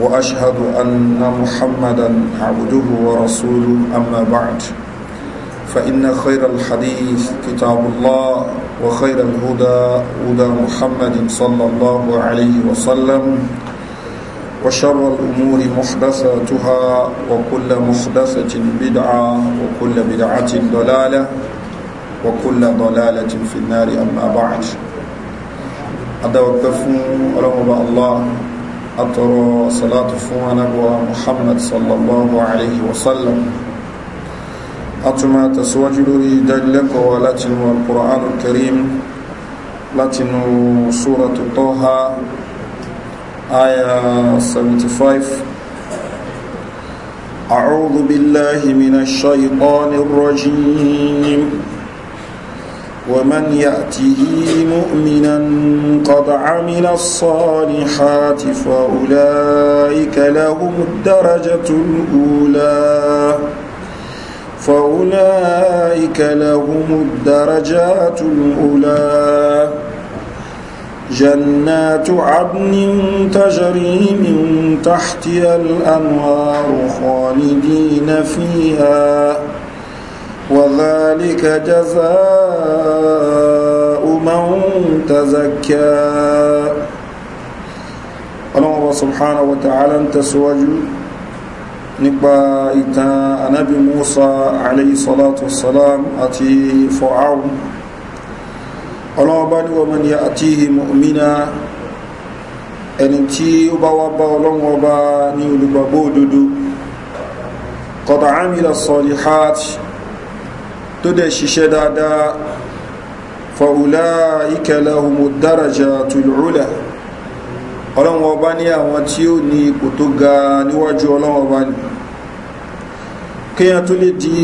وأشهد أن محمدا عبده ورسوله أما بعد فإن خير الحديث كتاب الله وخير الهدى هدى محمد صلى الله عليه وسلم وشر الأمور محدثاتها وكل محدثة بدعة وكل بدعة ضلالة وكل ضلالة في النار أما بعد أدوكف الله أطر صلاة فوانا محمد صلى الله عليه وسلم أتما تسوجل لك ولتن القرآن الكريم لتن سورة طه آية 75 أعوذ بالله من الشيطان الرجيم ومن يأته مؤمنا قد عمل الصالحات فأولئك لهم الدرجة الأولى فأولئك لهم الدرجات الأولى جنات عدن تجري من تحتها الأنوار خالدين فيها وذلك جزاء من تزكى الله سبحانه وتعالى تسوج نقبا إتا نبي موسى عليه الصلاة والسلام أتي فرعون الله بني ومن يأتيه مؤمنا ẹni tí ó bá wá bá ọlọ́run ọba ní olùgbàgbó tó dẹ̀ ṣiṣẹ́ dáadáa fọ̀hùlá ìkẹlẹ̀ ọmọdáraja tùlùrùlẹ̀ ọlọ́wọ́ ọba ní àwọn tí ó ní ipò tó ga níwájú ọlọ́wọ́ ọba ni kíyàn tó lè di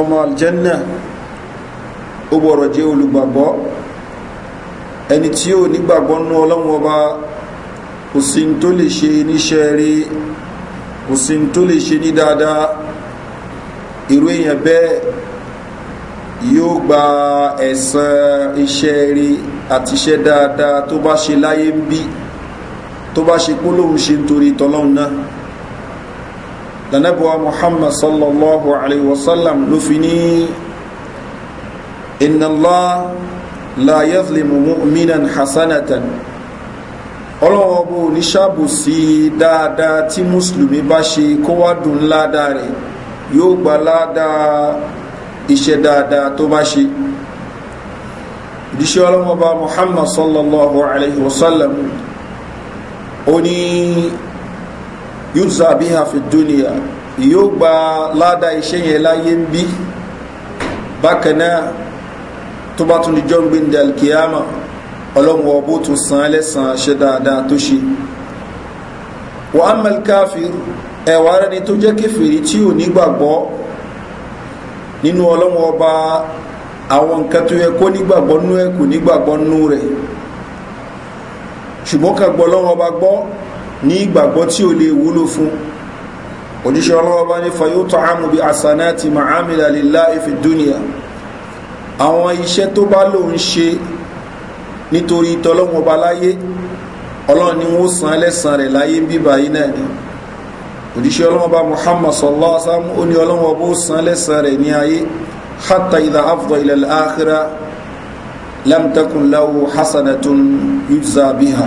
ọmọ aljanna ó gbọ́rọ̀ jẹ́ olùgbàgbọ́ ẹni tí ó nígbàgbọ́ nú ọlọ́wọ́ ọba kò sí tó lè ṣe níṣẹ́ rí kò sí tó lè ṣe ní dáadáa irú èèyàn bẹ́ẹ̀ yóò gba ẹ̀san iṣẹ́ rí àti iṣẹ́ dáadáa tó bá ṣe láyé ń bí tó bá ṣe pólóhùn ṣe nítorí tọ́lọ́hùn náà lànàbọ̀wá muhammad sallallahu alayhi wa sallam ló fi ní ìnàlá la mu'minan hasanatan ọlọ́wọ́ bó oníṣàbòsí dáadáa tí mùsùlùmí bá ṣe kó wá dùn ládàá rẹ̀ yóò gba ládàá iṣẹ́ dáadáa tó bá ṣe ìdíṣẹ́ ọlọ́mọba muhammad sallallahu alayhi wa sallam ó ní yúzà bí hafi dúnìyà yóò gba ládà iṣẹ́ yẹn láyé ń bí bákan náà tó bá tún di jọ́ ń gbé ní alkiyama ọlọ́mọba bó tún san lẹ́sàn ṣe dáadáa tó ṣe wàhámẹ́lì káfíìr ẹ̀wà rẹ̀ ni tó jẹ́ kéfèrè tí ò nígbàgbọ́ nínú ọlọ́wọ́n ọba àwọn nǹkan tó yẹ kó nígbàgbọ́ nú ẹ̀ kò nígbàgbọ́ nú rẹ̀ ṣùgbọ́n kan gbọ́ ọlọ́wọ́n ọba gbọ́ ní ìgbàgbọ́ tí ò lè wúlò fún òjíṣẹ́ ọlọ́wọ́n ọba ní fayótọ́ àmú bí asana ti mahamila ife dunia àwọn iṣẹ́ tó bá lòun ṣe nítorí tọ́lọ́wọ́n ọba láyé ọlọ́run ni wọ́n san ẹlẹ́sàn rẹ̀ láyé bíbá yìí náà ni òjíṣẹ́ ọlọ́mọba muhammad sallallahu alaihi wasallam ó ní ọlọ́mọ bó san lẹ́sàn rẹ̀ ní ayé hatta idha afdha ila al-akhirah lam takun lahu hasanatun yujza biha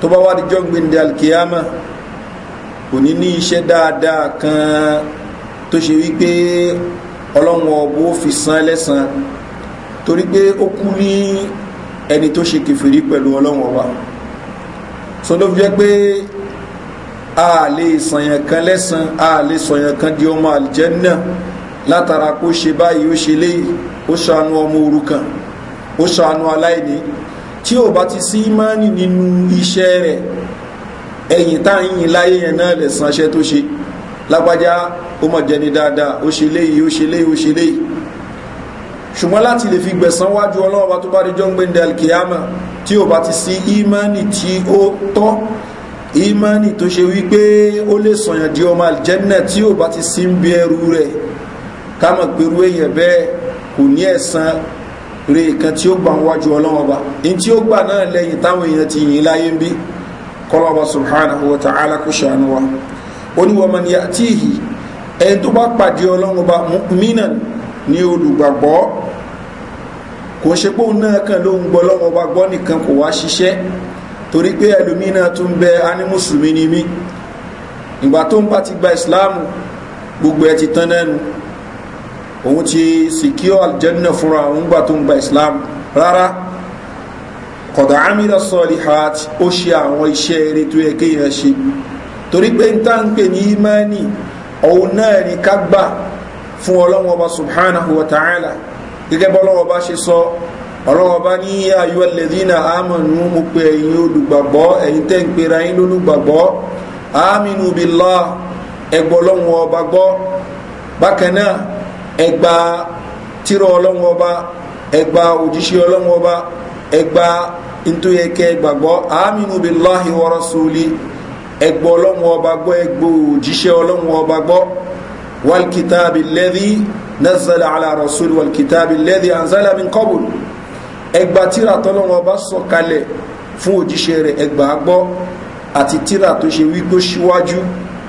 tó bá wá di jọ́gbìn di alkiyama kò ní ní iṣẹ́ dáadáa kan tó ṣe wípé ọlọ́run ọ̀bọ̀ fi san lẹ́san torí pé ó kú ní ẹni tó ṣe kẹfìrí pẹ̀lú ọlọ́run ọba fi jẹ́ pé a lè sànyàn kan lẹ́sàn a lè sànyàn kan di ọmọ àlìjẹ́nà látara kó ṣe báyìí ó ṣe léyìí ó ṣàánú ọmọ òrukàn ó ṣàánú aláìní tí ò bá ti sí ìmánì nínú iṣẹ́ rẹ̀ ẹ̀yìn tá ń yin láyé yẹn náà lè san iṣẹ́ tó ṣe lágbájá ó mọ̀ jẹni dáadáa ó ṣe léyìí ó ṣe léyìí ó ṣe léyìí ṣùgbọ́n láti lè fi gbẹ̀san wájú ọlọ́ọ̀bá tó bá di jọ́ tí ò bá ti sí ìmánì tí ó tọ́ Imani tó ṣe wípé ó lè sọ̀yàn di ọmọ àlìjẹ́nà tí ò bá ti sí ń bí ẹrú rẹ̀ ká mọ̀ pé irú èèyàn bẹ́ẹ̀ kò ní ẹ̀san re kan tí ó gbà ń wájú ọlọ́wọ́n ọba ní tí ó gbà náà lẹ́yìn táwọn èèyàn ti yìn láyé ń bí kọ́lọ́ba subhanahu wa ta'ala kò ṣàánú wa oníwọ̀mọ̀ ni àtíhì ẹni tó bá pàdé ọlọ́wọ́n ọba mìíràn ní olùgbàgbọ́ kò ṣe pé òun náà kàn ló ń gbọ́ ọlọ́wọ́n ọba gbọ́ nìkan kò wá ṣiṣẹ́ torí pé ẹlòmínà tún bẹ ani mùsùlùmí ni mí ìgbà tó ń bá ti gba ìsìláàmù gbogbo ẹ ti tán lẹ́nu òun ti sìkíọ́ àlìjẹ́nà fúnra òun gbà tó ń gba ìsìláàmù rárá kọ̀dà amílẹ̀ sọ́ọ̀lì hart ó ṣe àwọn iṣẹ́ eré tó yẹ kéèyàn ṣe torí pé ń ń pè ní imani òun náà ni ká gbà fún ọlọ́wọ́n subhanahu wa ta'ala gẹ́gẹ́ bọ́lọ́wọ́ ọba ṣe sọ ọlọ́wọ́ bá ní ayọ́ lẹ́dínà àmọ̀nù mo pe ẹ̀yin olùgbàgbọ́ ẹ̀yin tẹ́ ń pera yín lólùgbàgbọ́ àmínú bílá ẹgbọ́ ọlọ́wọ́ ọba gbọ́ bákan náà ẹgbà tírọ̀ ọlọ́wọ́ ọba ẹgbà òjíṣẹ́ ọlọ́wọ́ ọba ẹgbà ntóyẹkẹ gbàgbọ́ àmínú bílá ìwọ́rọ̀ sóòlì ẹgbọ́ ọlọ́wọ́ ọba gbọ́ ẹgbọ́ òjíṣẹ́ ọlọ́wọ́ ọba gbọ́ wàlkìtàbí lẹ́dí ẹgbà tíra tọ́lọ́wọ́n bá sọ kalẹ̀ fún òjíṣẹ́ rẹ̀ ẹgbà gbọ́ àti tíra tó ṣe wípé síwájú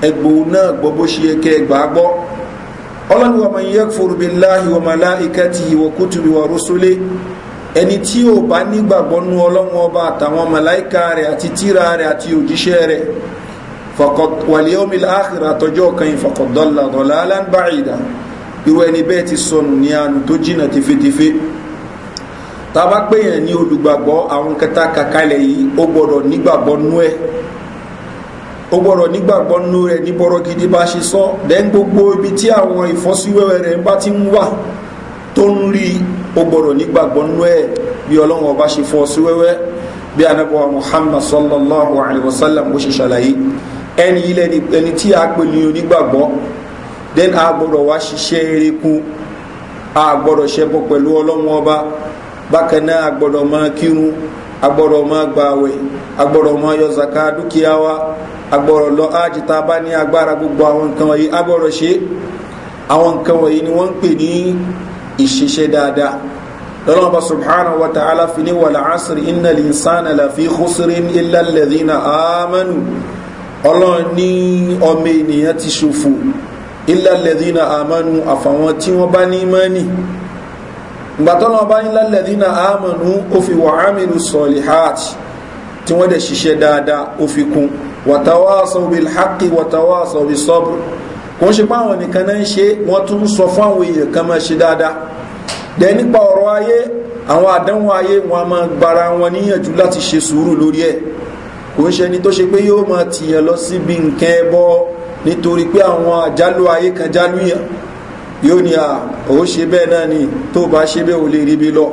ẹgbò náà gbọ́ bó ṣe yẹ kẹ́ ẹgbà gbọ́ ọlọ́ni wa man yakfur billahi wa malaikatihi wa kutubi wa rusuli ẹni tí ò bá nígbàgbọ́ nú ọlọ́wọ́n ọba àtàwọn màláìka rẹ̀ àti tíra rẹ̀ àti òjíṣẹ́ rẹ̀ wal yawmil akhir àtọ́jọ́ kan faqad dalla dalalan ba'ida irú ẹni bẹ́ẹ̀ ti sọnù ní àánú tó jìnà tìfetìfe tàbá péyàn ní olùgbàgbọ́ àwọn kẹta kàkálẹ̀ yìí ó gbọ́dọ̀ nígbàgbọ́ nú ẹ̀ ó gbọ́dọ̀ nígbàgbọ́ nú rẹ̀ ní bọ́rọ̀ gidi bá ṣe sọ dẹ́n gbogbo ibi tí àwọn ìfọ́síwẹ́wẹ́ rẹ̀ bá ti ń wà tó ń rí ó gbọ́dọ̀ nígbàgbọ́ nú ẹ̀ bí ọlọ́run ọba ṣe fọ́ bí anábọ́wá muhammad sallallahu alayhi wa sallam ó ṣe ṣàlàyé ẹni ilẹ̀ ẹni tí a pè ní onígbàgbọ́ dẹ́n a gbọ́dọ̀ wá ṣiṣẹ́ erékun a gbọ́dọ̀ ṣẹbọ pẹ̀lú ọlọ́run ọba bákan náà agbọ́dọ̀ máa kírun agbọ́dọ̀ máa gbààwẹ̀ agbọ́dọ̀ máa yọ zaka dúkìá wa agbọ́dọ̀ lọ ájì tá a bá ní agbára gbogbo àwọn nǹkan wọ̀nyí agbọ́dọ̀ ṣe àwọn nǹkan wọ̀nyí ni wọ́n ń pè ní ìṣiṣẹ́ dáadáa lọ́nà bá subhanahu wa ta'ala fi wàlá asiri iná linsana lafi khusrin illa alladhina amanu ọlọ́run ní ọmọ ènìyàn ti ṣòfò illa alladhina amanu àfàwọn tí wọ́n bá ní mọ́ni gbàtọ́lọ́ bá ní lálẹ́dínà àmànú ó fi wà ámìlú sọ̀lìhàtì tí wọ́n dẹ̀ ṣiṣẹ́ dáadáa ó fi kún wàtàwàsọ̀ bí hákì wàtàwàsọ̀ bí sọ́bù kò ń ṣe pé àwọn nìkan náà ń ṣe wọ́n tún sọ fún àwọn èèyàn kan máa ni tó ṣe pé yóò máa tìyàn lọ síbi nǹkan ẹbọ nítorí pé àwọn àjálù ayé kan jálù yàn yóò ní à òun ṣe bẹ́ẹ̀ náà ni tó bá ṣe bẹ́ẹ̀ ò lè rí bí lọ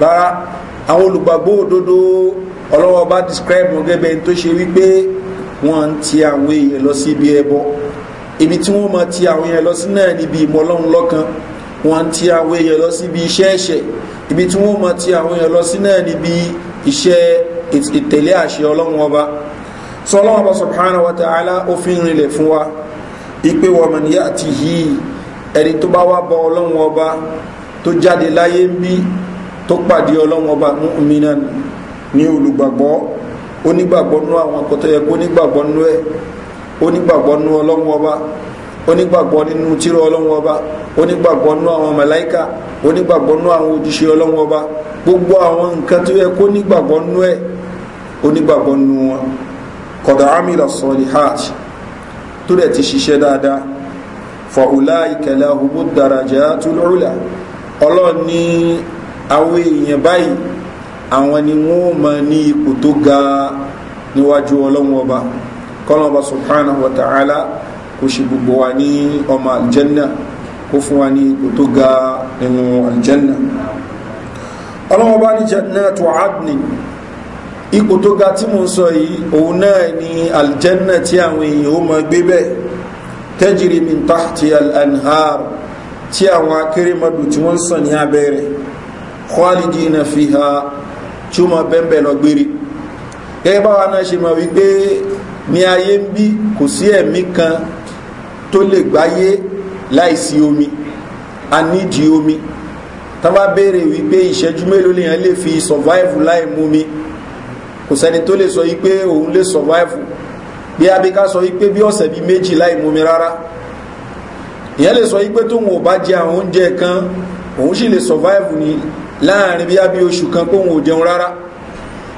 rárá àwọn olùgbàgbọ́ òdodo ọlọ́wọ́ bá describe wọn gẹ́gẹ́ tó ṣe wípé wọ́n ń ti àwọn èèyàn lọ sí ibi ẹbọ ibi tí wọ́n máa ti àwọn èèyàn lọ sí náà níbi ìmọ̀lọ́run lọ́kan wọ́n ń ti àwọn èèyàn lọ sí ibi iṣẹ́ ẹ̀ṣẹ̀ ibi tí wọ́n máa ti àwọn èèyàn lọ sí náà níbi iṣẹ́ ìtẹ̀lé àṣẹ ọlọ́run ọba sọ ọlọ́run ọba subhanahu wa ta'ala rinlẹ̀ fún wa ipe wọ́n mọ̀ níyà àti yìí ẹni tó bá wá bọ ọlọ́run ọba tó jáde láyé ń bí tó pàdé ọlọ́run ọba mu'minan ní olùgbàgbọ́ onígbàgbọ́ nú àwọn akọ́tọ́ yẹ kó onígbàgbọ́ nú ẹ̀ onígbàgbọ́ nú ọba onígbàgbọ́ nínú gbogbo àwọn nǹkan tó yẹ kó onígbàgbọ́ nú onígbàgbọ́ nú wọn hajj tó dẹ̀ ti ṣiṣẹ́ fa ulaika lahumu darajatul ula ọlọ́run ní àwọn èèyàn báyìí àwọn ni wọ́n mọ̀ ní ipò tó ga níwájú ọlọ́run ọba kọ́lọ́ba subhanahu wa ta'ala kò ṣe gbogbo wa ní ọmọ aljanna kó fún wa ní ipò tó ga nínú aljanna ọlọ́run ọba ní jannatu adnin ipò tó ga tí mo sọ yìí òun náà ni aljanna tí àwọn èèyàn ó mọ gbé bẹ́ẹ̀ tẹ́jìrì mi tàhtí al-anhar tí àwọn akérèmọdù tí wọ́n ń sàn ní abẹ́rẹ́ kọ́lìdì iná fi ha tí ó máa bẹ́ẹ̀ lọ gbére gẹ́gẹ́ báwa náà ṣe mọ̀ wípé ní ayé ń bí kò sí ẹ̀mí kan tó lè gbáyé láìsí omi a nídìí omi tá bá béèrè wípé ìṣẹ́jú mélòó lèèyàn fi survive láì mú mi kò sẹ́ni tó lè sọ wípé òun lè survive bí abíká sọ wípé bí ọ̀sẹ̀ bí méjì láì mumi rárá ìyẹn lè sọ wípé tóun ò bá jẹ àwọn oúnjẹ kan òun sì lè survive ni láàrin bí abí oṣù kan pé òun ò jẹun rárá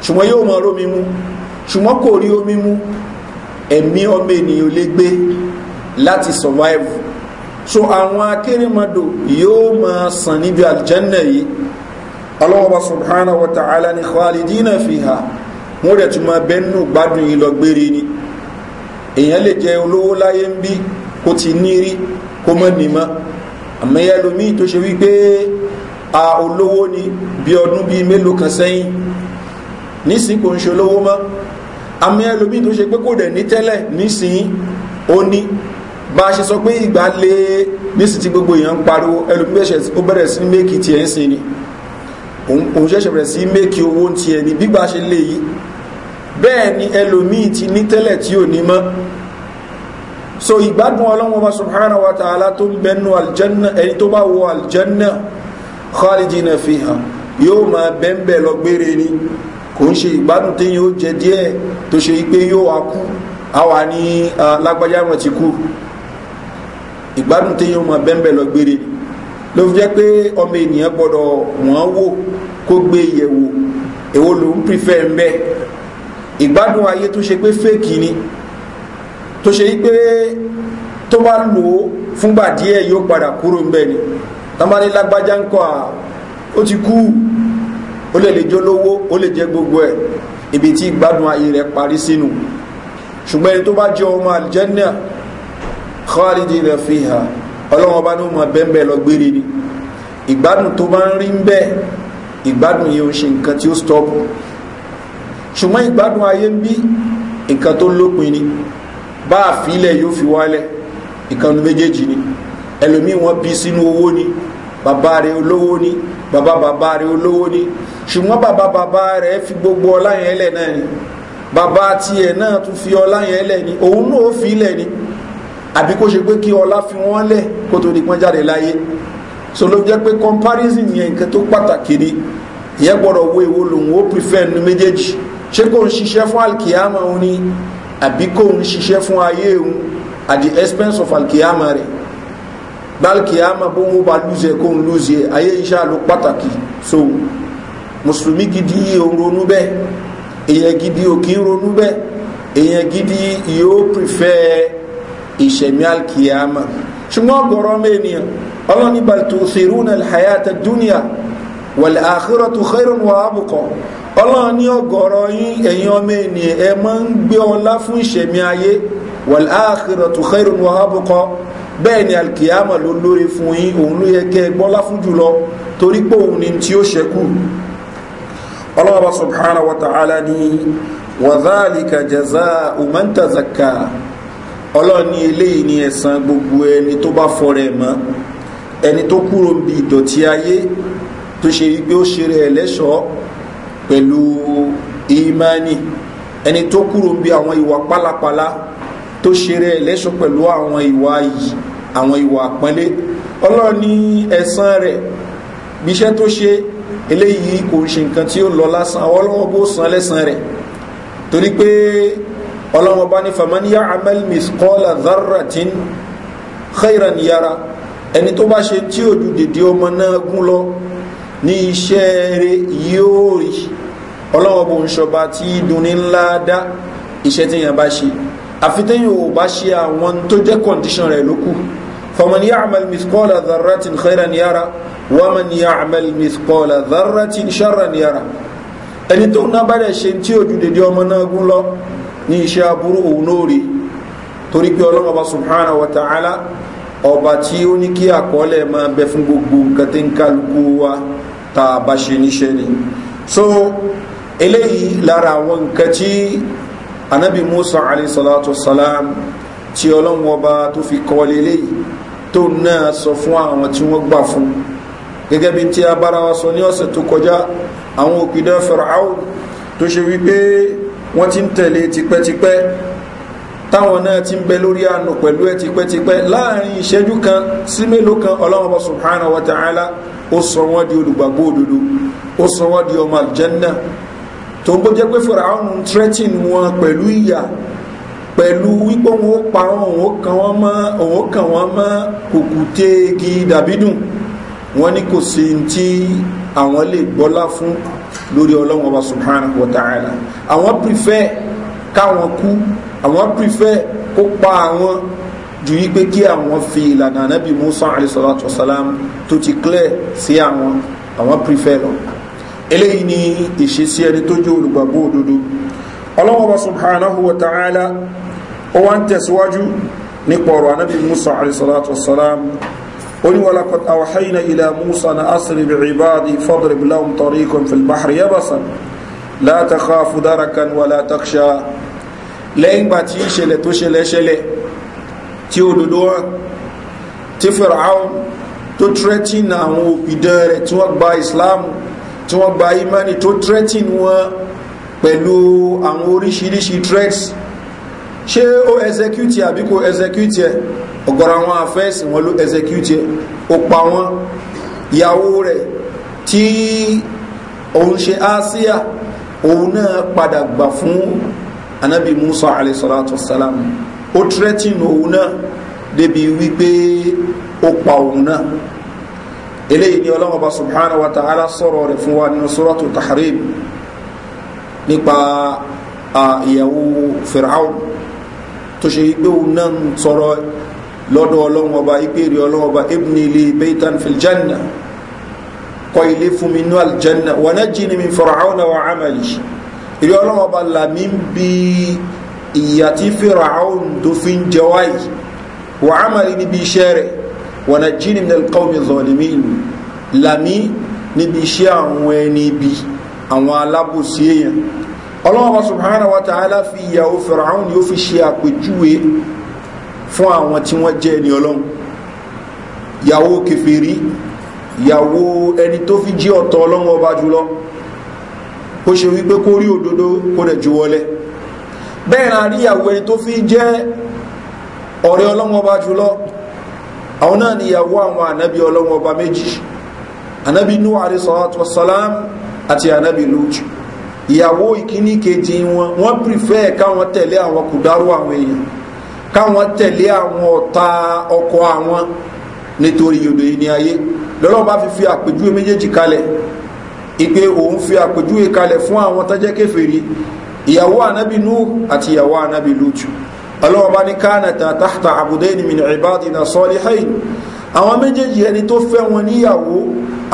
ṣùgbọ́n yóò mọ rómi mú ṣùgbọ́n kò rí omi mú ẹ̀mí ọmọ ènìyàn lè gbé láti survive so àwọn akérèmọdò yóò máa sàn níbi àlìjẹ́nà yìí ọlọ́wọ́ba subhanahu wa ta'ala ni khalidina fiha wọ́n rẹ̀ tún máa bẹ́ẹ̀ nù gbádùn yìí lọ gbére ni èèyàn lè jẹ olówó láyé ń bí kó ti ní rí kó mọ́ ní mọ́ àmọ́ ìyá tó ṣe wípé a olówó ni bí ọdún bíi mélòó kan sẹ́yìn nísìn kò ń ṣe olówó mọ́ àmọ́ ẹlòmíì tó ṣe pé kò dẹ̀ ní tẹ́lẹ̀ nísìn ó ní bá a ṣe sọ pé ìgbà lé nísìn tí gbogbo èèyàn ń pariwo ẹlòmíì ó bẹ̀rẹ̀ sí méèkì tiẹ̀ ń sin ni òun ṣẹ̀ṣẹ̀ bẹ̀rẹ̀ sí méèkì owó tiẹ̀ ni bí gbà ṣe lé yìí bẹ́ẹ̀ ni ẹlòmíì ti ní tẹ́lẹ̀ tí ò ní mọ́ so ìgbádùn ọlọ́run ọba subhanahu wa ta'ala tó ń bẹnu aljanna ẹni tó bá wọ aljanna khalidina fiha yóò máa bẹ́ńbẹ̀ lọ gbére ni kò ń ṣe ìgbádùn tí yóò jẹ díẹ̀ tó ṣe pé yóò wá kú àwa ní lágbájá wọn ti kú ìgbádùn tí yóò máa bẹ́ńbẹ̀ lọ gbére ni ló fi jẹ́ pé ọmọ ènìyàn gbọ́dọ̀ wọ́n wò kó gbé yẹ̀wò èwo ló ń pìfẹ́ ń bẹ́ẹ̀ ìgbádùn ayé tó ṣe pé fèkì ni tó ṣe yí pé tó bá lò ó fúngbà díẹ̀ yóò padà kúrò ń bẹ̀ ni tamale lágbájá ń kọ́ à ó ti kú ó lè lè jólówó ó lè jẹ́ gbogbo ẹ̀ ibi tí ìgbádùn ayé rẹ̀ parí sínú ṣùgbọ́n ẹni tó bá jẹ́ ọmọ aljanna khalidi rẹ̀ fi hà ọlọ́wọ́n bá ní ọmọ bẹ́ẹ̀ lọ gbére ni ìgbádùn tó bá ń rí ń bẹ́ẹ̀ ìgbádùn yìí ó ṣe nǹkan tí ó stọ́pù ṣùgbọ́n ìgbádùn ayé ń bí nǹkan tó lópin ni bá àfilẹ̀ yóò fi wálẹ̀ ìkanu méjèèjì ni ẹlòmíì wọn bí sínú owó ni bàbá rẹ̀ olówó ni bàbá bàbá rẹ̀ olówó ni ṣùgbọ́n bàbá bàbá rẹ̀ fi gbogbo ọlá yẹn lẹ̀ náà ni bàbá tiẹ̀ náà tún fi ọlá yẹn lẹ̀ ni òun náà fi lẹ̀ ni àbí kó ṣe pé kí ọlá fi wọ́n lẹ̀ kó tó di pọ́n jáde láyé so ló jẹ́ pé comparison yẹn nǹkan tó pàtàkì ni ìyẹn gbọ́dọ̀ wo èwo lòun ó prefer nu méjèèjì ṣé kò ń ṣiṣẹ́ fún alkiyama òun ni àbí kò ń ṣiṣẹ́ fún ayé òun at the expense of alkiyama rẹ̀ gbálkiyama bó ń bá lùzẹ kó ń lùzẹ ayé iṣẹ́ àlọ́ pàtàkì so mùsùlùmí gidi òun ronú bẹ́ẹ̀ èèyàn gidi ò kí ronú bẹ́ẹ̀ èèyàn gidi yóò prefer ìṣẹ̀mí alkiyama ṣùgbọ́n ọgọ̀rọ̀ mẹ́ẹ̀nìyàn ọlọ́ni baltòsirúnà alhayata dúnìyà wàlẹ̀ àkírọ̀ tó xẹ́rọ̀ wà ábùkọ̀ ọlọ́run ní ọgọ́rọ̀ yín ẹ̀yin ọmọ ènìyàn ẹ máa ń gbé ọlá fún ìṣẹ̀mí ayé wàlẹ̀ àkírọ̀ tó xẹ́rọ̀ wà ábùkọ̀ bẹ́ẹ̀ ni alkiyama ló lórí fún yín òun ló yẹ kẹ́ ẹ gbọ́lá fún jùlọ torí pé òun ni tí ó ṣẹ́kù ọlọ́run bá subhanahu wa ta'ala ni wàdálìkà jaza umantazaka ọlọ́run ní eléyìí ni ẹ̀san gbogbo ẹni tó bá fọrẹ̀ mọ́ ẹni tó kúrò ń ìdọ̀tí ayé tó ṣe wípé ó ṣe rẹ̀ lẹ́ṣọ́ pẹ̀lú ìmánì ẹni tó kúrò bí àwọn ìwà pálapàla tó ṣe rẹ̀ lẹ́ṣọ́ pẹ̀lú àwọn ìwà yìí àwọn ìwà àpọ́nlé ọlọ́run ní ẹ̀san rẹ̀ bí iṣẹ́ tó ṣe eléyìí kò ń ṣe nǹkan tí ó lọ lásán ọlọ́wọ́ bó san lẹ́san rẹ̀ torí pé ọlọ́wọ́ bá ní famaniya amal misqala dharratin khairan yara ẹni tó bá ṣe tí ò ju dèdè ọmọ náà gún lọ ní iṣẹ́ rẹ yóò rí ọlọ́wọ́ bó ń ṣọba tí dunni ńlá dá iṣẹ́ tí yẹn bá ṣe àfitẹ́yìn ò bá ṣe àwọn tó jẹ́ kọ́ndíṣọ̀n rẹ̀ ló kù faman ya'mal mithqala dharratin khairan yara wa man ya'mal mithqala dharratin sharran yara ẹni tó ná bá dẹ̀ ṣe tí ò dèdè ọmọ náà gún lọ ní iṣẹ́ aburú òun náà rí torí pé ọlọ́wọ́ bá subhanahu wa ta'ala ọba tí ó ní kí àkọọ́lẹ̀ máa bẹ fún gbogbo nǹkan tí ń kálukú wa ta a bá ṣe so eléyìí lara àwọn nǹkan tí anabi musa Salatu salam tí ọlọ́run ọba tó fi kọ́lé eléyìí tó náà sọ fún àwọn tí wọ́n gbà fún gẹ́gẹ́ bí tí a bára wa sọ ní ọ̀sẹ̀ tó kọjá àwọn òpìdán fẹ̀rọ̀áwò tó ṣe wípé wọ́n ti ń tẹ̀lé tipẹ́tipẹ́ táwọn náà ti ń bẹ lórí àánú pẹ̀lú ẹ̀ tipẹ́tipẹ́ láàrin ìṣẹ́jú kan sí mélòó kan ọlọ́run ọba subhanahu wa ta'ala ó sọ wọ́n di olùgbàgbọ́ òdodo ó sọ wọ́n di ọmọ àlùjànnà tó ń bó jẹ́ pé Fáráò tírẹ́tìn wọn pẹ̀lú ìyà pẹ̀lú wípé wọn ó pa wọn òun kàn wọ́n mọ́ òun kàn wọ́n mọ́ òkúté igi dàbídùn wọn ní kò sí tí àwọn lè gbọ́lá fún lórí ọlọ́run ọba subhanahu wa ta'ala àwọn prefer káwọn kú àwọn prefer kó pa àwọn ju yí pé kí àwọn fi ìlànà anábì musa alayhisalatu wasalam tó ti clear sí àwọn àwọn prefer lọ eléyìí ni ìṣesí ẹni tó jẹ́ olùgbàgbọ́ òdodo ọlọ́wọ́ bá subhanahu wa ta'ala ó wá ń tẹ̀síwájú nípa ọ̀rọ̀ anábì musa alayhisalatu wasalam ولقد أوحينا إلى موسى أن أسر بعبادي فاضرب لهم طريقا في البحر يبسا لا تخاف دركا ولا تخشى لين باتي شلي تشلي شلي tí òdodo wọn tí fẹ̀ràún tó threatin àwọn òpìdán rẹ̀ tí wọ́n gba islam tí wọ́n gba imani tó threatin wọn pẹ̀lú àwọn oríṣiríṣi threats ṣé o execute àbí kò execute ẹ̀ ọ̀gọ̀rọ̀ àwọn àfẹ́sì wọn ló execute ẹ̀ ó pa wọn ìyàwó rẹ̀ tí òun ṣe áásíà òun náà padà gbà fún anabi musa alayhi salatu wa salam ó tírẹ́tìnù òun náà débi wípé ó pa òun náà eléyìí ni ọlọ́run ọba subhanahu wa ta'ala sọ̀rọ̀ rẹ̀ fún wa nínú sọ́rọ́tù tahrim nípa ìyàwó fìràún tó ṣe wípé òun náà ń sọ̀rọ̀ lọ́dọ̀ ọlọ́run ọba ìpèrè ọlọ́run ọba ibni li beitan fil kọ́ ilé fún mi ní aljanna wa najjini min fìràún wa amali ìrẹ́ ọlọ́run ọba làmí ń ìyà tí firaun tó fi ń jẹ wáyì wà á màrí níbi iṣẹ́ rẹ̀ wà náà jí ni nìkan mi zọlìmí làmí níbi iṣẹ́ àwọn ẹni ibi àwọn alábòsí èèyàn ọlọ́wọ́ subhanahu wa ta'ala fi ìyàwó firaun yóò fi ṣe àpèjúwe fún àwọn tí wọ́n jẹ́ ẹni ọlọ́run ìyàwó kẹfẹ́rí ìyàwó ẹni tó fi jí ọ̀tọ̀ ọlọ́run ọba jùlọ ó ṣe wípé kó rí òdodo kó rẹ̀ ju wọlé bẹ́ẹ̀ náà rí ìyàwó ẹni tó fi jẹ́ ọ̀rẹ́ ọlọ́wọ́ jùlọ àwọn náà ni ìyàwó àwọn ànábì ọlọ́wọ́ ọba méjì ànábì nuh alayhi wasalam àti ànábì lójú ìyàwó ìkíní kejì wọn wọ́n pìrìfẹ́ káwọn tẹ̀lé àwọn kùdárò àwọn èèyàn káwọn tẹ̀lé àwọn ọ̀ta ọkọ̀ àwọn nítorí yòdò yìí ní ayé lọ́lọ́wọ́ bá fi fi àpèjúwe méjèèjì kalẹ̀ ìpè òun fi àpèjúwe kalẹ̀ fún àwọn tọ́jẹ́ kéfèrí ìyàwó ànábì nú àti ìyàwó ànábì lútù ọlọ́wọ́ bá ní kánàtà tàhtà àbúdẹ́ni min ibadina salihain àwọn méjèèjì ẹni tó fẹ́ wọn níyàwó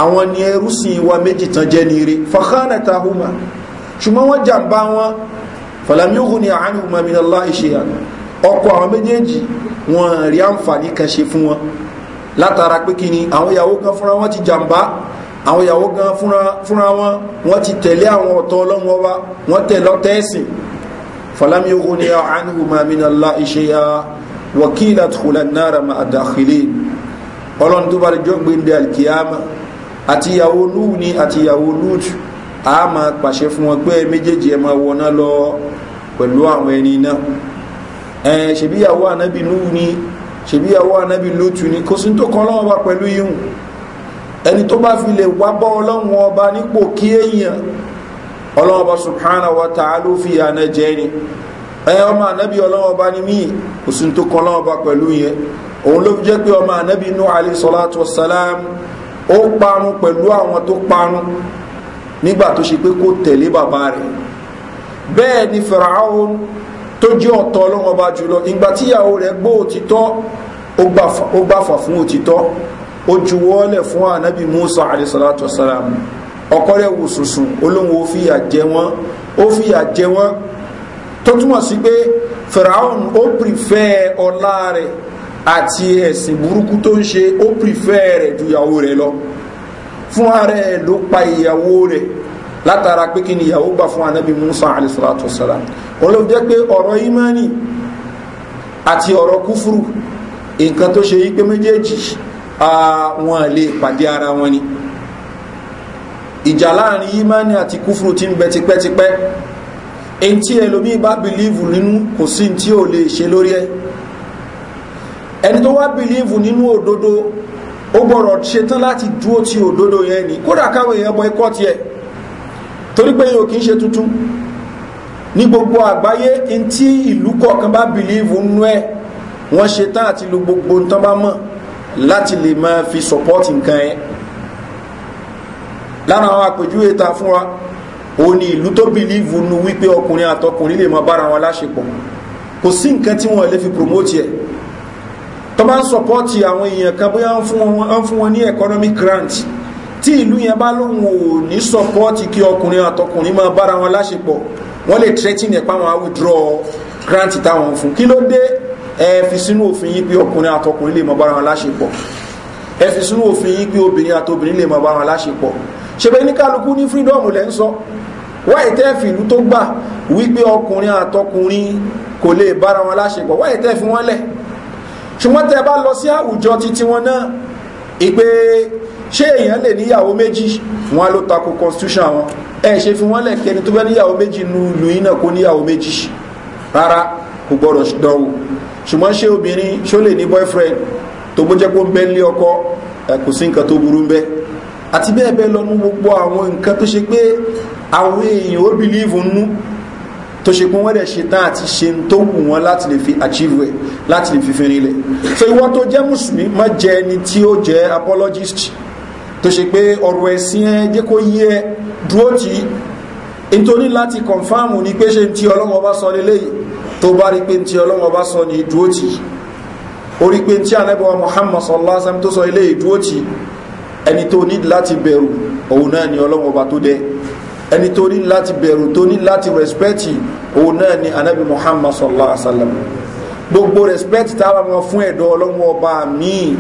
àwọn ni ẹrú sin wa méjì tán jẹ́ ní ire fàkánàtà huma ṣùgbọ́n wọ́n jàǹbá wọn fàlàmíhù ni àánú huma min allah ṣe hàn ọkọ̀ àwọn méjèèjì wọn rí àǹfààní kan ṣe fún wọn látara pé kí àwọn ìyàwó kan fúnra wọn ti jàǹbá àwọn ìyàwó gan fúnra wọn wọ́n ti tẹ̀lé àwọn ọ̀tọ̀ ọlọ́run ọba wọ́n tẹ̀ lọ́tẹ́ẹ̀sìn falami ogun ni a anihu mamina wakila tukula nara ma adakhili ọlọ́run tó bá jọ gbéǹde alkiyama àti ìyàwó lúù ni àti ìyàwó lúùtù a máa pàṣẹ fún wọn pé méjèèjì ẹ máa wọná lọ pẹ̀lú àwọn ẹni náà ẹ̀ẹ́n ṣèbíyàwó anábì lúù ni ṣèbíyàwó anábì lúùtù ni kò sí tó kọ́ ọlọ́run wa pẹ̀lú yíhun ẹni tó bá fi lè wá bọ́ ọlọ́run ọba nípò kí èèyàn ọlọ́run ọba subhanahu wa ta'ala fi àná jẹ́ ni ẹ ọmọ ànábì ọlọ́run ọba ni míì kò sí tó kan ọlọ́run ọba pẹ̀lú yẹn òun ló fi jẹ́ pé ọmọ ànábì nuh alayhi salatu wa salam ó parun pẹ̀lú àwọn tó parun nígbà tó ṣe pé kó tẹ̀lé bàbá rẹ̀ bẹ́ẹ̀ ni fìràhún tó jẹ́ ọ̀tọ̀ ọlọ́run ọba jùlọ ìgbà tíyàwó rẹ̀ gbọ́ òtítọ́ ó gbà fà fún òtítọ́ ó juwọ́lẹ̀ fún ànábì musa alayhisalatu wasalam ọkọ rẹ̀ wò sùsùn olóhùn ó fìyà jẹ wọ́n ó fìyà jẹ wọ́n tó túmọ̀ sí pé fẹ̀ràhùn ó pìrìfẹ́ ọlá rẹ̀ àti ẹ̀sìn burúkú tó ń ṣe ó pìrìfẹ́ rẹ̀ ju ìyàwó rẹ̀ lọ fún ara ló pa ìyàwó rẹ̀ látara pé kí ni ìyàwó gbà fún ànábì musa alayhisalatu wasalam olóhùn jẹ́ pé ọ̀rọ̀ ìmánì àti ọ̀rọ̀ kúfúrú nǹkan tó ṣe yí pé méjèèjì wọn lè pàdé ara wọn ni ìjà láàrin imani àti kúfúrú ti ń bẹ tipẹ́tipẹ́ èyí tí ẹlòmíì bá bìlíìfù nínú kò sí tí ò lè ṣe lórí ẹ ẹni tó wá bìlíìfù nínú òdodo ó gbọ́rọ̀ ṣetán láti dúó ti òdodo yẹn ni kódà káwọn èèyàn bọ ikọ́ tiẹ̀ torí pé yóò kí ń ṣe tuntun ní gbogbo àgbáyé tí ìlú kọ̀ọ̀kan bá bìlíìfù nínú ẹ̀ wọ́n ṣetán àti lu gbogbo nǹkan bá mọ̀ láti lè máa fi sọpọ́tì nǹkan ẹ lára àwọn àpèjúwe ta fún wa òun ni ìlú tó bìlíìfù nu wípé ọkùnrin àtọkùnrin lè máa bára wọn láṣepọ̀ kò sí nǹkan tí wọ́n lè fi promote ẹ̀ tó bá ń sọpọ́tì àwọn èèyàn kan bóyá ń fún wọn ní economic grant tí ìlú yẹn bá lóun ò ní sọpọ́tì kí ọkùnrin àtọkùnrin máa bára wọn láṣepọ̀ wọ́n lè threaten ẹ̀ páwọn á withdraw grant táwọn fún kí ló dé ẹ fi sínú òfin yí pé ọkùnrin àtọkùnrin lè mọ bára wọn láṣepọ̀ ẹ fi sínú òfin yí pé obìnrin àtobìnrin lè mọ bára wọn láṣepọ̀ ṣebẹ́ ní kálukú ní fírídọ́ọ̀mù lẹ́ ń sọ wáyé tẹ́ fi ìlú tó gbà wípé ọkùnrin ṣùgbọ́n titi wọn náà ìpè ṣé èèyàn lè níyàwó méjì wọn ló tako constitution àwọn ẹ ṣe fi wọn lẹ kẹni tó fẹ́ ṣùgbọ́n ṣé obìnrin ṣó lè ní boyfriend tó bó jẹ́ pé ó ń bẹ́ lé ọkọ kò sí nǹkan tó burú ń bẹ́ àti bẹ́ẹ̀ bẹ́ẹ̀ lọ nú gbogbo àwọn nǹkan tó ṣe pé àwọn èèyàn ó bìlíìfù nú tó ṣe pé wọ́n dẹ̀ ṣe tán àti ṣe tó wù wọ́n láti lè fi achieve ẹ̀ láti lè fi fi rinlẹ̀ so ìwọ tó jẹ́ mùsùlùmí má jẹ ẹni tí ó jẹ́ apologist tó ṣe pé ọ̀rọ̀ ẹ̀sìn ẹ jẹ́ kó yí ẹ dúró tì í nítorí láti confam ni pé ṣe ti ọlọ́wọ́ sọ lélẹ́yìí tó bá rí pé tí ọlọ́wọ́ bá sọ ní ìdúró tì orí pé tí anẹ́bọ̀wọ́ muhammad sallallahu alaihi tó sọ ilé ìdúró tì ẹni tó ní láti bẹ̀rù òun náà ni ọlọ́wọ́ bá tó dẹ ẹni tó ní láti bẹ̀rù tó ní láti rẹ̀spẹ́tì òun náà ni anẹ́bí muhammad sallallahu alaihi wasallam gbogbo rẹ̀spẹ́tì táwọn ọmọ fún ẹ̀dọ́ ọlọ́wọ́ ọba míì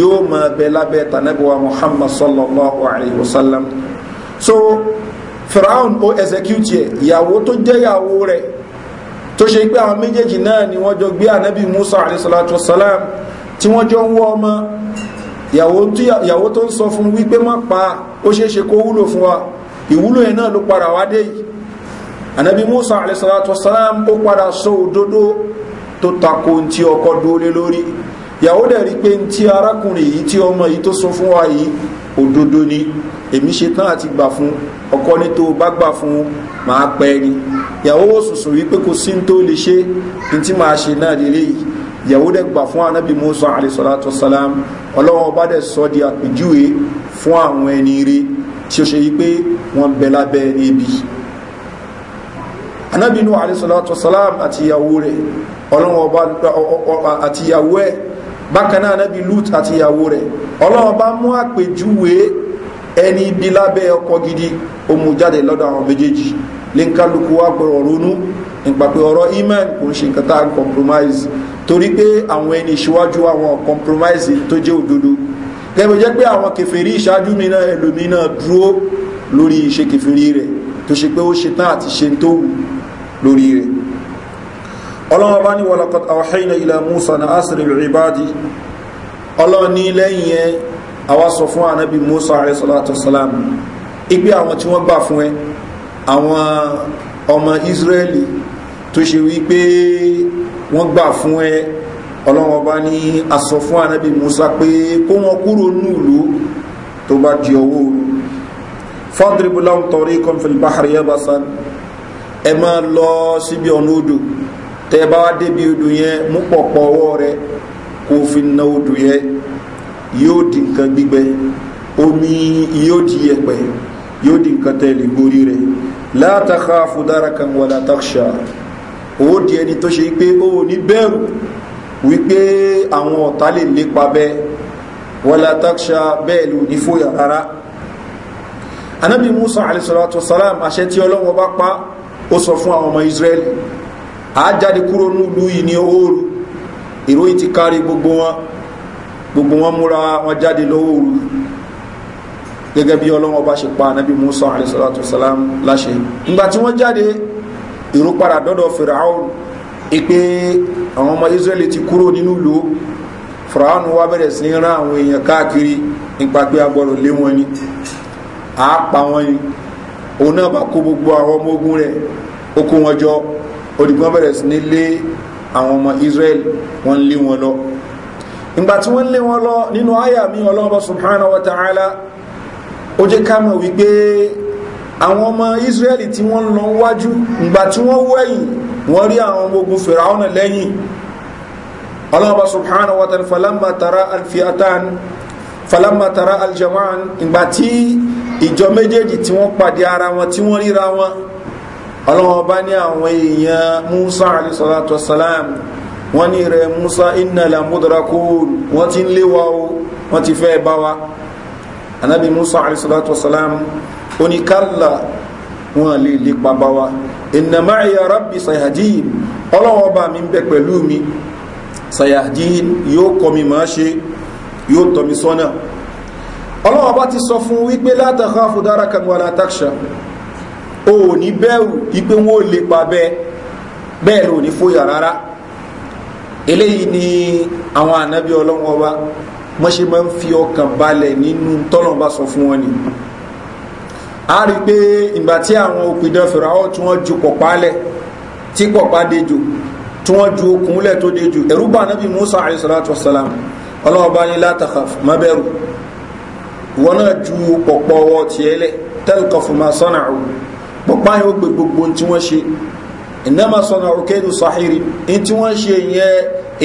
yóò máa bẹ lábẹ́ tànẹ́bọ̀wọ́ muhammad sallallahu so firaun o execute yẹ ìyàwó tó tó ṣe pé àwọn méjèèjì náà ni wọ́n jọ gbé ànábì musa alayhisalatu wasalam tí wọ́n jọ ń wọ́ ọmọ ìyàwó tó ń sọ fún wípé má pa ó ṣeé ṣe kó wúlò fún wa ìwúlò yẹn náà ló padà wá dé yìí ànábì musa alayhi salatu wasalam ó padà sọ òdodo tó tako ti ọkọ dúólé lórí ìyàwó dẹ̀ rí pé ti arákùnrin yìí tí ọmọ yìí tó sọ fún wa yìí òdodo ni èmi ṣe àti gbà fún ọkọ ní tó bá gbà fún máa pẹ́ ni ìyàwó wò sùsùn wípé kò sí tó lè ṣe ní tí máa ṣe náà lélẹ́ yìí ìyàwó dẹ̀ gbà fún anábì musa alayhisalatu wasalam ọlọ́wọ́n bá dẹ̀ sọ di àpèjúwe fún àwọn ẹni rí tí ó ṣe wípé wọ́n bẹ lábẹ́ ebi anábì nu alayhisalatu wasalam àti ìyàwó rẹ̀ ọlọ́wọ́n bá àti ìyàwó ẹ̀ bákan náà anábì lut àti ìyàwó rẹ̀ ọlọ́wọ́n bá mú àpèjúwe ẹni ibi lábẹ́ ọkọ̀ gidi ó mú jáde lọ́dọ̀ àwọn méjèèjì lẹ́ńkálukú wa gbọ́dọ̀ ronú nípa pé ọ̀rọ̀ iman kò ń ṣe nǹkan tá à ń compromise torí pé àwọn ẹni ìṣíwájú àwọn compromise tó jẹ́ òdodo gẹ́gẹ́ jẹ́ pé àwọn kẹfẹ́rí ìṣáájú mi náà ẹlòmí náà dúró lórí ìṣe kẹfẹ́rí rẹ̀ tó ṣe pé ó ṣe tán àti ṣe tó wù lórí rẹ̀ ọlọ́run bá ní wọlọ́kọ̀tà ọ̀hẹ́yìn ilẹ̀ musa na asiri ribadi ọlọ́run ní lẹ́yìn yẹn àwa sọ fún anabi musa alayhisalatu salam igbe àwọn tí wọ́n gbà fún ẹ àwọn ọmọ israeli tó ṣe wípé wọ́n gbà fún ẹ ọlọ́wọ́n bá ní asọ fún anabi musa pé kó wọn kúrò núùlú tó bá di ọwọ́ òru fọ́dìrìbùláhùn tọrí kọfìlì báhàrí yabasan ẹ máa lọ síbi ọ̀nà odò tẹ́ bá débi odò yẹn mú pọ̀pọ̀ ọwọ́ rẹ kó fi na odò yẹn yóò di nǹkan gbígbẹ omi yóò di yẹpẹ yóò di nǹkan tẹ́lẹ̀ borí rẹ̀ látàkà fúdára kan wà látàkṣà ó di ẹni tó ṣe pé ó ní bẹ́rù wípé àwọn ọ̀tá lè lépa bẹ́ẹ̀ wà látàkṣà bẹ́ẹ̀ ló ní fòyà rárá anábì musa alayhisalatu salam àṣẹ tí ọlọ́wọ́ bá pa ó sọ fún àwọn ọmọ israẹli àájáde kúrò nílùú yìí ní oòrùn ìròyìn ti kárí gbogbo wọn gbogbo wọn múra wọn jáde lọ́wọ́ òru gẹ́gẹ́ bí ọlọ́wọ́ bá ṣe pa anabi musa alayhisalatu salam láṣẹ nígbà tí wọ́n jáde èrò padà dọ́dọ̀ fìràún ìpè àwọn ọmọ israẹli ti kúrò nínú ìlú fìràún wa bẹ̀rẹ̀ sí rán àwọn èèyàn káàkiri nípa pé agbọ́dọ̀ lé wọn ni àá pa wọn ni òun náà bá kó gbogbo àwọn ọmọ ogun rẹ̀ ó kó wọn jọ òdìgbọ́n bẹ̀rẹ̀ sí ní lé àwọn ọmọ israẹli wọ́n lé wọn lọ ìgbà tí wọ́n lé wọn lọ nínú àyà mi ọlọ́mọ subhanahu wa ta'ala ó jẹ́ ká mọ̀ wípé àwọn ọmọ israeli tí wọ́n lọ wájú ìgbà tí wọ́n wẹ̀yìn wọ́n rí àwọn ọmọ ogun fìràwọ́nà lẹ́yìn ọlọ́mọ subhanahu wa ta'ala falama tara alfiatan falama tara aljaman ìgbà tí bá ní àwọn èèyàn musa alayhi salatu wọ́n ní rẹ̀ musa inna la mudrakun wọ́n ti ń lé wa o wọ́n ti fẹ́ bá wa anabi musa alayhisalatu wasalam oníkàlà wọn lè lè pa bá wa inna ma'iya rabbi sayhadin ọlọ́wọ́ bá mi bẹ pẹ̀lú mi sayhadin yóò kọ́ mi máa ṣe yóò tọ́ mi sọ́nà ọlọ́wọ́ bá ti sọ fún wípé látàkọ́ àfúdára kan wà o ní bẹ́ẹ̀rù wípé wọ́n lè pa bẹ́ẹ̀ bẹ́ẹ̀ lò ní fóyà rárá eléyìí ni àwọn ànábì ọlọ́wọ́ wa wọ́n ṣe máa ń fi ọkàn balẹ̀ nínú tọ́lọ̀ bá sọ fún wọn ni a rí i pé ìgbà tí àwọn òpìdán fìràwọ̀ tí wọ́n ju pọ̀pá lẹ̀ tí pọ̀pá dejò tí wọ́n ju okùn lẹ̀ tó dejò ẹ̀rú bá ànábì musa alayhi salatu ọlọ́wọ́ bá ní látàkàf má wọn náà ju pọ̀pọ̀ ọwọ́ tiẹ̀ lẹ̀ tẹ́lẹ̀ kọfù máa sọ́nà ọ̀hún pọ̀pá yóò gbé gbogbo tí wọ́n ṣe ìnáma sọ̀nà òkèdù sàhírì ní tí wọ́n ṣe yẹn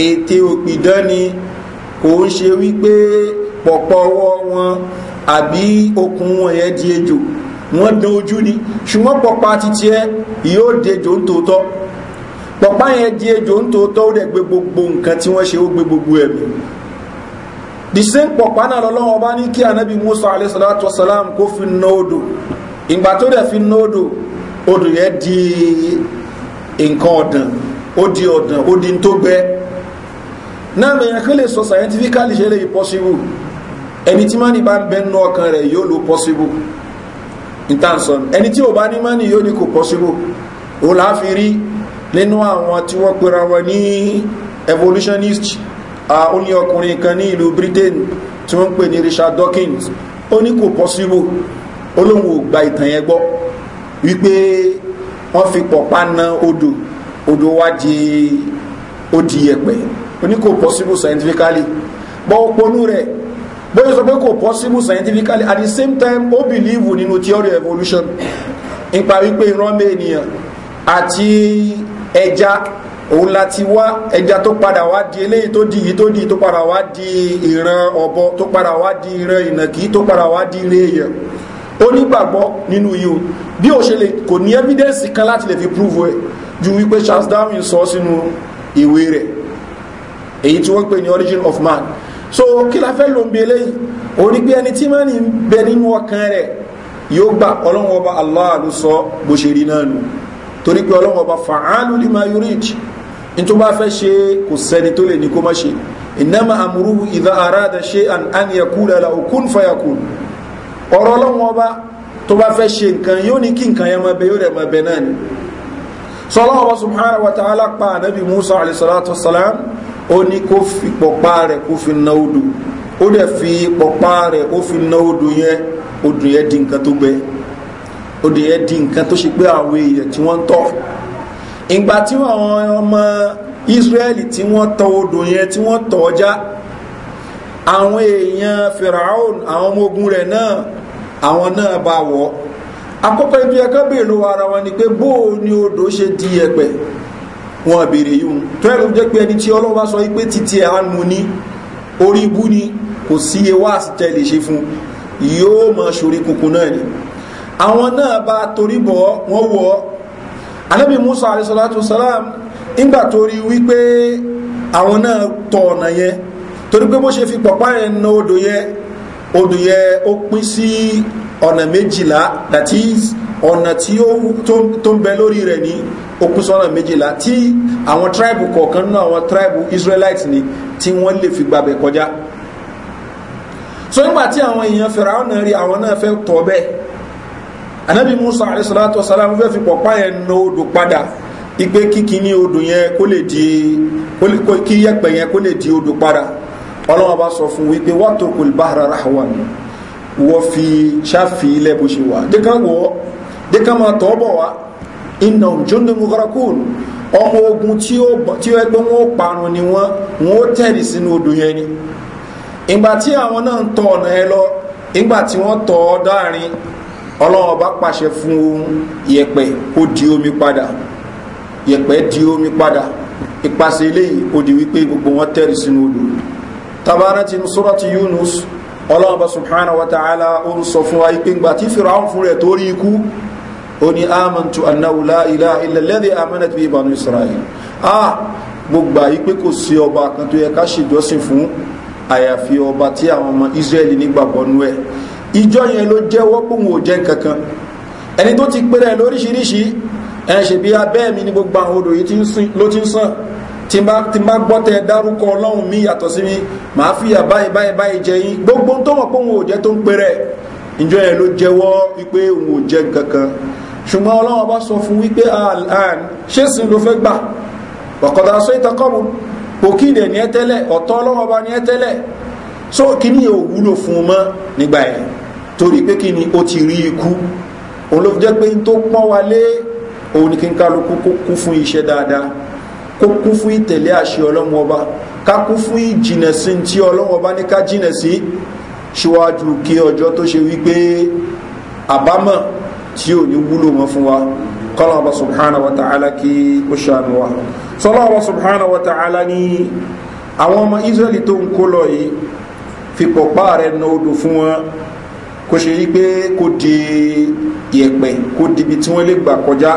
ète òpìdán ni kò ń ṣe wípé pọ̀pọ̀ ọwọ́ wọn àbí okùn wọn yẹn di ejò wọ́n dán ojú ni ṣùgbọ́n pọ̀pá títí ẹ yóò dejò ń tòótọ́ pọ̀pá yẹn di ejò ń tòótọ́ ó dẹ̀ gbé gbogbo nǹkan tí wọ́n ṣe ó gbé gbogbo ẹ̀mí the same pọ̀pá náà lọ́lọ́wọ́ bá ní kí anábì musa alayhi salatu salam kó fi ná odò ìgbà tó dẹ̀ fi ná odò odò yẹn di nǹkan ọ̀dàn ó di ọ̀dàn ó di tó gbẹ náà mẹ̀yàn kan lè sọ scientifically ṣe lè possible ẹni tí mánì bá ń bẹ nínú ọkàn rẹ̀ yóò lo possible intanson ẹni tí ò bá ní mánì yóò ní kò possible ó láàfin rí nínú àwọn tí wọ́n pera wọn ní evolutionist ó ní ọkùnrin kan ní ìlú britain tí wọ́n ń pè ní richard dawkins ó ní kò possible olóhùn ò gba ìtàn yẹn gbọ́ wípé wọ́n fi pọ̀pá na odò odò wá di ó di oní kò possible scientifically bọ́ òponú rẹ̀ bóyá sọ pé kò possible scientifically at the same time ó believe nínú theory evolution nípa wípé ìrànmẹ́ ènìyàn àti ẹja òun láti wá ẹja tó padà wá di eléyìí tó di yìí tó di tó padà wá di ìran ọ̀bọ tó padà wá di ìran ìnàkí tó padà wá di ilé èèyàn onígbàgbọ́ nínú yìí o bí o ṣe lè kò ní evidence kan láti lè fi prove ẹ ju wípé charles darwin sọ sínú ìwé rẹ̀ èyí tí wọ́n pè ní origin of man so kí la fẹ́ ló ń bi eléyìí o ní pé ẹni tí máa ń bẹ nínú ọkàn rẹ̀ yóò gba ọlọ́wọ́n ọba allah ló sọ bó ṣe rí náà nù torí pé ọlọ́wọ́n ọba fa'alu lima yurich ní tó bá fẹ́ ṣe kò sẹ́ni tó lè ní kó má ṣe ìnáma àmúrú ìdá aráda ṣe an yaqula la òkun fayakun ọ̀rọ̀ ọlọ́wọ́n ọba tó bá fẹ́ ṣe nǹkan yóò ní kí nǹkan yẹn máa bẹ yóò rẹ̀ máa bẹ náà ni sọlọ́wọ́ ọba subhanahu wa ta'ala pa ànábì musa alayhi salatu wa salam ó ní kó fi pọ̀pá rẹ̀ kó fi na odò ó dẹ̀ fi pọ̀pá rẹ̀ ó fi na odò yẹn odò yẹn di nǹkan tó gbẹ odò yẹn di nǹkan tó ṣe pé àwọn èèyàn tí wọ́n ń tọ̀ ìgbà tí àwọn ọmọ israẹli tí wọ́n tọ̀ odò yẹn tí wọ́n tọ̀ ọjà àwọn èèyàn firaun àwọn ọmọ ogun rẹ̀ náà àwọn náà bá wọ̀ akọ́kọ́ ibi ẹ̀kọ́ béèrè lọ́wọ́ ara wọn ni pé bóò ni odò ṣe di ẹ̀pẹ̀ wọn béèrè yìí tó ẹ̀rù jẹ́ pé ẹni tí ọlọ́wọ́ sọ wípé títí àánú ní orí ibú ni kò sí ewá àsìtẹ́ lè ṣe fún yóò mọ̀ ṣorí kunkun náà ni àwọn náà bá torí bọ̀ wọ́n wọ̀ anábì musa alayhi salatu salam ńgbà torí wípé àwọn náà tọ̀ ọ̀nà yẹn torí pé bó ṣe fi pọ̀pá yẹn na odò yẹn odò yẹn ó pín sí ọ̀nà méjìlá that is ọ̀nà tí ó tó ń bẹ lórí rẹ̀ ní ó pín sí ọ̀nà méjìlá tí àwọn tribe kọ̀ọ̀kan nínú àwọn tribe Israelites ni tí wọ́n lè fi gbàbẹ̀ kọjá so nígbà tí àwọn èèyàn fẹ̀rẹ̀ àwọn náà rí àwọn náà fẹ́ tọ̀ bẹ́ẹ̀ anabi Musa alayhi salatu wa salam fẹ́ fi pọ̀pá yẹn na odò padà ipe kíkiní odò yẹn kó lè di kí yẹ̀pẹ̀ yẹn kó lè di odò padà ọlọ́wọ́n bá sọ fún wípé wàtò kò bára ráhùwà ni wọ́n fi ṣáfi ilẹ̀ bó ṣe wà díkà wọ́ díkà máa tọ́ bọ̀ wá iná jóni mugarakun ọmọ ogun tí ó ẹgbẹ́ wọn ó parun ni wọ́n wọ́n ó tẹ̀rì sínú odò yẹn ni ìgbà tí àwọn náà ń tọ̀ ọ̀nà ẹ lọ ìgbà tí wọ́n tọ̀ ọ́ dáàrin ọlọ́wọ́n bá pàṣẹ fún yẹ̀pẹ̀ ó di omi padà yẹ̀pẹ̀ di omi padà ìpàṣẹ eléyìí ó di wípé gbogbo wọn tẹ̀rì sínú odò yìí tabara ti nu surati yunus ọlọ́run bá subhana wa ta'ala ó ń sọ fún wa ipe ngbà tí firaun fún rẹ̀ tó rí ikú ó ní amantu annahu la ilaha illa alladhi amanat bi banu israel ah mo gbà yí pé kò sí ọba kan tó yẹ ká ṣèjọsìn fún àyàfi ọba tí àwọn ọmọ israel nígbàgbọ́ nú ẹ̀ ìjọ yẹn ló jẹ́wọ́ pòun ò jẹ́ kankan ẹni tó ti pèrè lóríṣiríṣi ẹ̀ ṣe bí abẹ́ mi ní gbogbo àwọn odò yìí ló ti ń sàn tí n bá tí n bá gbọ́ tẹ dárúkọ ọlọ́run mi yàtọ̀ sí mi màá fìyà báyìí báyìí báyìí jẹ yín gbogbo tó mọ̀ pé òun ò jẹ́ tó ń pèrè ìjọ yẹn ló jẹ́wọ́ wípé òun ò jẹ́ kankan ṣùgbọ́n ọlọ́run bá sọ fún wípé alan ṣé sin ló fẹ́ gbà ọ̀kọ̀dà sọ ìtakọ́mu òkìdè ní ẹ tẹ́lẹ̀ ọ̀tọ́ ọlọ́run bá ní ẹ tẹ́lẹ̀ so kíní ò wúlò fún un mọ́ nígbà yẹn torí pé kíni ó ti rí ikú òun ló fi jẹ́ pé n tó pọ́n wa lé òun ni kí n kálukú kú fún iṣẹ́ dáadáa kó kún fún ìtẹ̀lé àṣẹ ọlọ́run ọba ká kún fún ìjìnà sí tí ọlọ́run ọba ní ká jìnà sí síwájú kí ọjọ́ tó ṣe wípé àbámọ̀ tí ò ní wúlò wọn fún wa kọ́lọ̀ ọba subhanahu wa ta'ala kí ó ṣàánú wa sọ́lọ́ ọba subhanahu wa ta'ala ní àwọn ọmọ israeli tó ń kó lọ yìí fi pọ̀pá rẹ̀ na odò fún wọn kó ṣe wípé kó di yẹ̀pẹ̀ kó dibi tí wọ́n lè gbà kọjá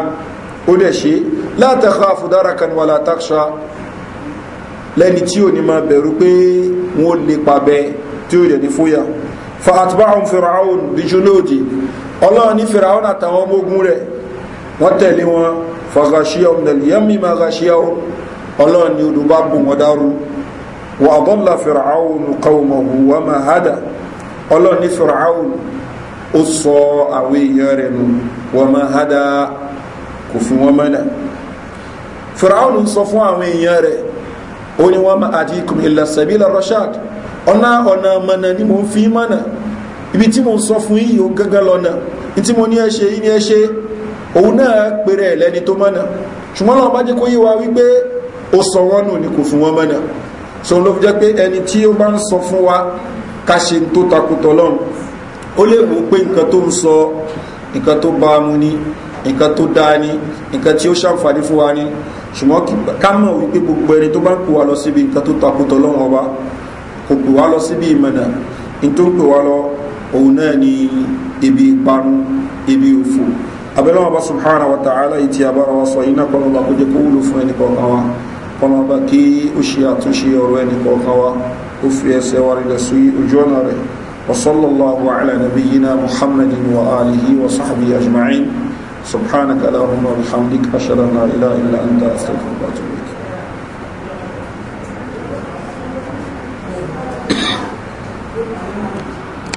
ó dẹ̀ ṣe é látàkàfù dárakan wà látàkṣà lẹ́ni tí ò ní máa bẹ̀rù pé wọ́n lè pàbẹ tí ó yẹ̀ ní fóyà fa àtibáhùn fìràún bíjúlóòdì ọlọ́run ní fìràún àtàwọn ọmọ ogun rẹ̀ wọ́n tẹ̀lé wọn fàgàṣíà ọmọdẹ̀lẹ́yẹmí máa gàṣíà ọlọ́run ní odò fìràwùn sọ fún àwọn èèyàn rẹ̀ ó ní wọ́n àti ikùn ilẹ̀ ọ̀nà ọ̀nà ni mo ń fi mọ̀nà ibi tí mo ń sọ fún yìí ó gángan lọ́nà tí mo ní ẹ ṣe yìí ní ẹ ṣe òun náà pèrè ẹ̀ lẹ́ni tó mọ̀nà ṣùgbọ́n náà bá jẹ́ kó wípé ó sọ so ló fi jẹ́ pé ẹni tí ó bá ń sọ fún wa ká ṣe tó takùtọ̀ lọ́n ó lè wò pé nǹkan tó ń sọ nǹkan ṣùgbọ́n ká mọ̀ wípé gbogbo ẹni tó bá ń pè wá lọ síbi nǹkan tó takùtọ̀ lọ́wọ́ ọba kò pè wá lọ síbi ìmọ̀nà ní tó ń pè wá lọ òun náà ni ibi ìparun ibi òfò abẹ́lẹ́ wọn bá subhana wa ta'ala ìtì àbára wa sọ iná kọ́nà ọba kó jẹ́ kó wúlò fún ẹnì kọ̀ọ̀kan wa kọ́nà ọba kí ó ṣe àtúnṣe ọ̀rọ̀ ẹnì kọ̀ọ̀kan wa ó fi ẹsẹ̀ wa rẹ̀ sí ojú ọ̀nà rẹ̀ wa sallallahu ala wa alihi سبحانك اللهم وبحمدك أشهد أن لا إله إلا أنت أستغفرك وأتوب